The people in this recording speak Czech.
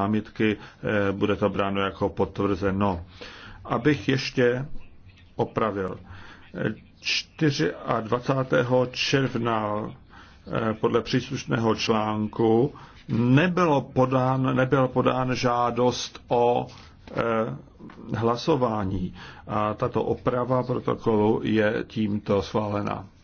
námitky, eh, bude to bráno jako potvrzeno. Abych ještě opravil. 24. června eh, podle příslušného článku nebylo podán, nebyl podán žádost o eh, hlasování. A tato oprava protokolu je tímto schválena.